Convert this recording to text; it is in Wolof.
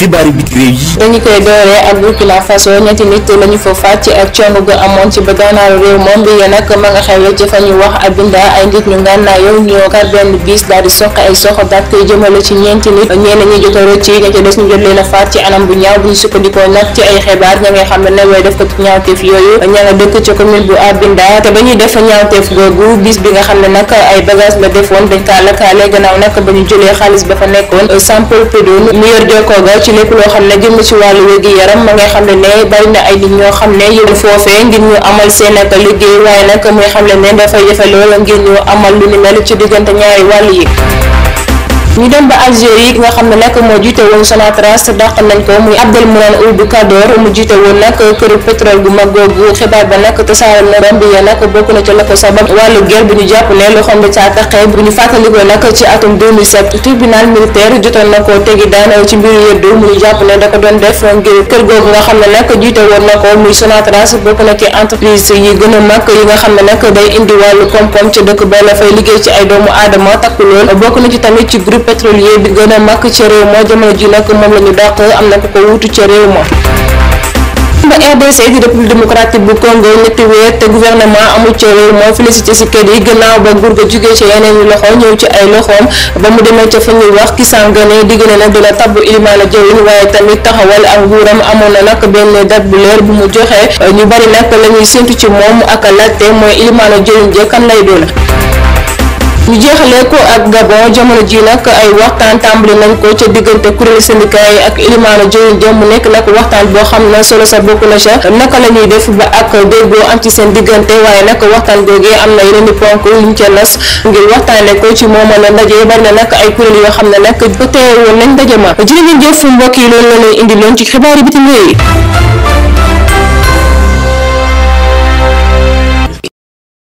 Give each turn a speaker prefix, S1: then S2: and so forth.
S1: xibaaru biti réew yi. dañu koy dooree ak Burkina Faso ñetti nit lañu fa faat ci ak coono amoon ci ba gànnaaru réew moom bi yéen a ca des ñu jot leen a faat ci anam bu ñaaw bu ñu sukkandikoo nag ci ay xibaar ña ngay xam ne nawee def ko ñaawteef yooyu ña nga dëkk ci commune bu Abinda te ba ñuy def ñaawteef googu bis bi nga xam ne nag ay bagage la defoon dañ kaa lakkaale gannaaw nag ba ñu jëlee xaalis ba fa nekkoon Sampol Pedoun mu yor jokkoo ga ci lépp loo xam ne jëm ci wàllu wér-gi-yaram ma ngay xam ne ne bari na ay nit ñoo xam ne yéen foofee ngir ñu amal seen ak liggéey waaye nag muy xam ne ne dafay jafe loola ngir ñu amal lu ni mel ci diggante ñaari wàll yi ñu dem ba Algérie ki nga xam ne nag moo jiite woon Sonatrach dàq nañ ko muy Abdelmoumene Ould Kaddour mu jiite woon nag këru pétrole gu mag googu xibaar ba nag tasaare na romb yi nag bokk na ca la ko sabab wàllu guerre bu na ko tegi daan ne ko doon def ngir kër googu nga xam ne nag jiite woon na ko na ci entreprise yi gën xam ne nag day indi wàllu koom-koom ca dëkk ba la liggéey ci ay doomu aadama takku lool bokk na ci tamit ci groupe pétrolier bi gën a mag ca réew ma jamono ji nag moom la ñu dàq am na ku ko wuutu ca réew ma ba RDC di république démocratique bu Congo ñetti weer te guvernement amul ca réew moo félicité si kër yi gannaaw ba nguur ga jugee ca yeneen loxo ñëw ci ay loxoom ba mu demee ca fa ñuy wax Kisangane digg na nag dina tabb ilimaana jëwin waaye tamit taxawal ak nguuram amoon na nag benn date bu leer bu mu joxee ñu bari nag la ñuy séntu ci moom ak laajte mooy ilimaana jëwin ja kan lay doon. ñu jeexalee ko ak Gabon jamono ji nag ay waxtaan tàmbali nañ ko ca diggante kuréelu syndicat yi ak ilimaana jëwriñ jëm mu nekk nag waxtaan boo xam ne solo sa bokk na ca naka la ñuy def ba ak diggante waaye nag waxtaan googee am na yeneen i ponk yuñ nas ngir waxtaane ko ci mooma ndaje bari na nag ay kuréel yoo xam ne nag teewoon nañ ndaje ma jërë ngeen jëf mbokk yi loolu indi loon ci xibaari bitim réew yi